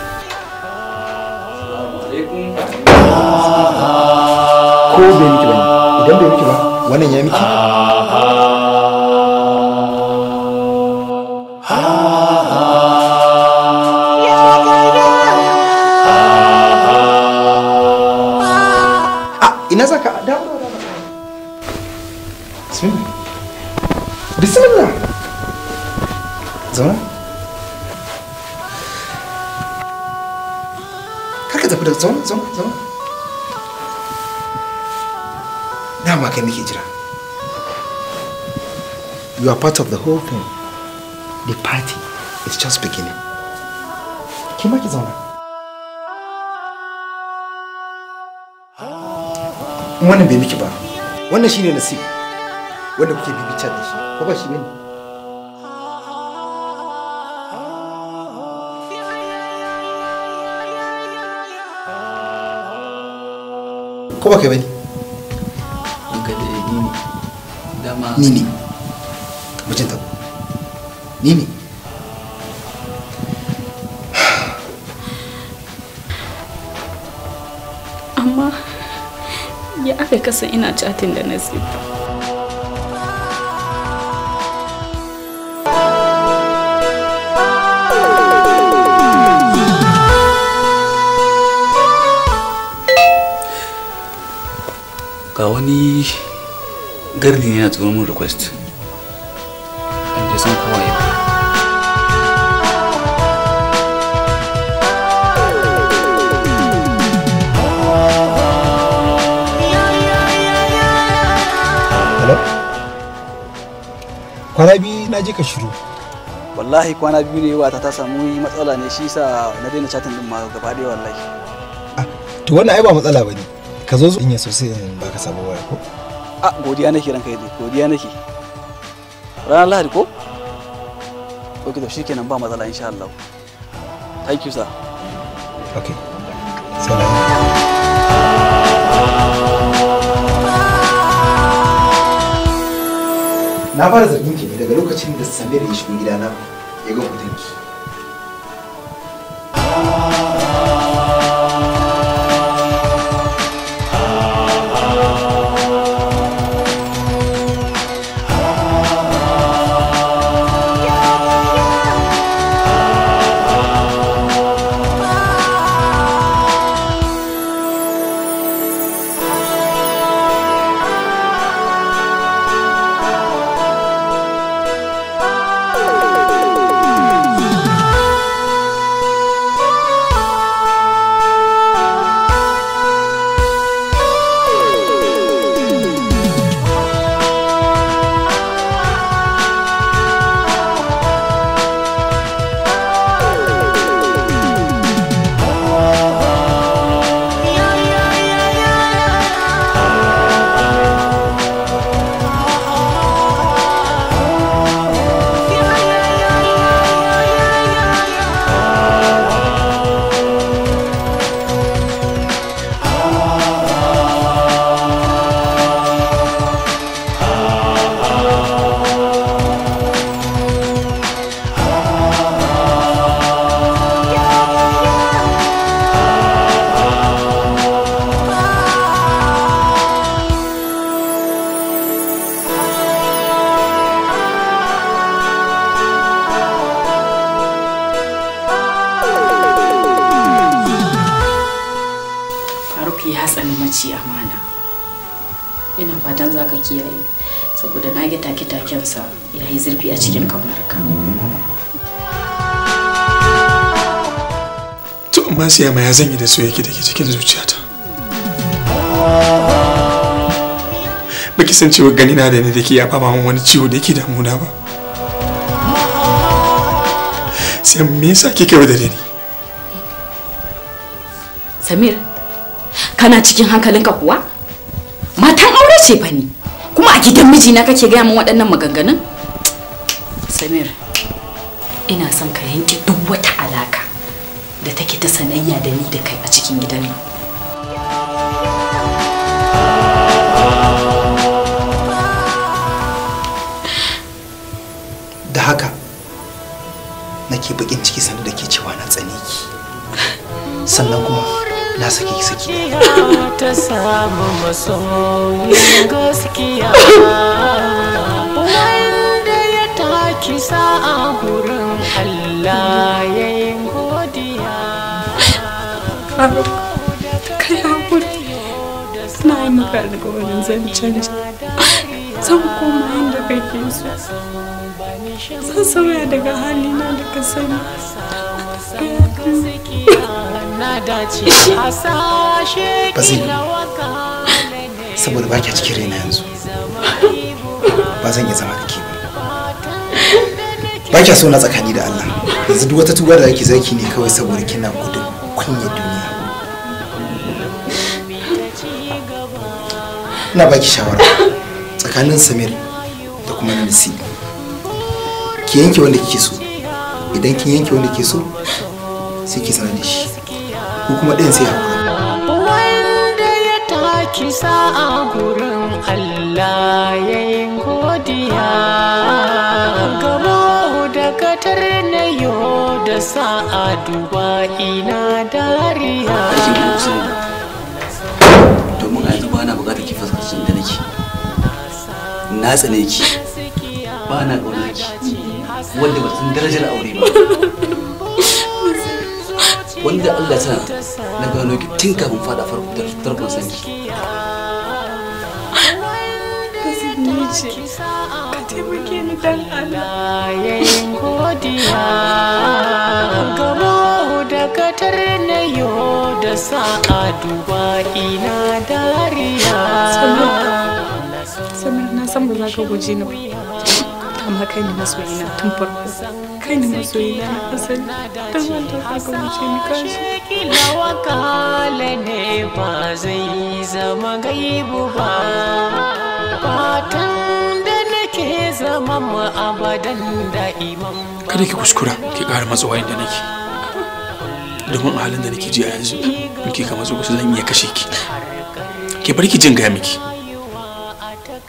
ko bai miki ba idan bai miki ba wannan ya miki ah, ina za ka bismillah tafi da zauna dama kai muke jira you are part of the whole thing the party is just beginning ki ma ki zauna wannan bai miki ba wannan shine nasibu wanda kuke bibicar da shi ko ba shi ne. ko ba kai bane ni ne mijinta ni ne amma ya aka kasa ina chatin da nasib ga wani gardi ne yana tsoron mun request ban san kawai kwana biyu na je ka shiru wallahi kwana biyu ne wata ta samu matsala ne shi sa na daina chatin din ma gaba da wallahi ah, to wannan ai ba matsala bane ka zo in ya sosai in baka samu waya ko a godiya nake ranka yadda godiya nake ranar lahadi ko ok to shi kenan ba matsala insha Allah thank you sir okay salam na fara zargin ki daga lokacin da samir ya shigo gidana ya ga hoton ki siya maya ya yi da yake da ke cikin zuciyata baki san cewa gani na da ni da ke ya fama min wani ciwo da yake damuna ba sai me yasa kike da ni Samir kana cikin hankalinka kuwa matan aure ce fa ni kuma a gidan mijina kake gaya min waɗannan maganganun Samir ina son ka yanke duk wata da take ta sanayya da ni da kai a cikin gidan nan da haka nake bakin ciki sanar da ke cewa na tsane ki sannan kuma na saki ki saki ta samu gurin Allah ya yi kai haƙuri na zancen maka alƙawarin zan canja zan koma yadda kake so sauya daga ka saboda ba kya cikin yanzu ba zan iya zama da ba kya da Allah yanzu wata tuba da zaki ne kawai saboda kina gudun ina baki shawara tsakanin samir da kuma na nasi ki yanke wanda kike so idan kin yanke wanda kike so sai ki sanar da shi ko kuma ɗayan sai hakuri wanda ya taki sa'a gurin Allah ya yi godiya gaba da katar na yo da sa'a duba ina dariya na tsane ki ba na ƙaunar ki wanda ba san darajar aure ba wanda Allah ya sana na gano ki tun kafin fada farko tarkon sanki ka taimake ni dan Allah yayin godiya gabo da katar na yo da sa'a duba ina dariya san ba za ka guji ni ba amma kai ne na tun farko kai ne masoyina na asali don zan ta za ka guje ni kashi wakala ne ba zai zama gaibu ba fatan da nake zama mu abadan da imam kada ki kuskura ki ƙara matsawa inda nake domin a halin da nake ji a yanzu in ki ka matsu kusa zan iya kashe ki ki bar ki jin gaya miki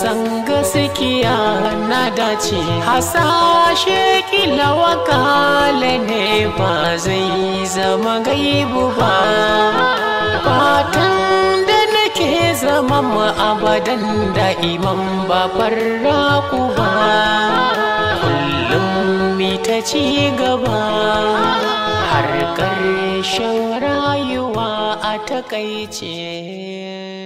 san gaskiya na dace hasashe kila le ne ba zai zama gaibu ba fatan da nake zama mu abadan da imam ba ku ba kullum mi ta ci gaba har ƙarshen rayuwa a takaice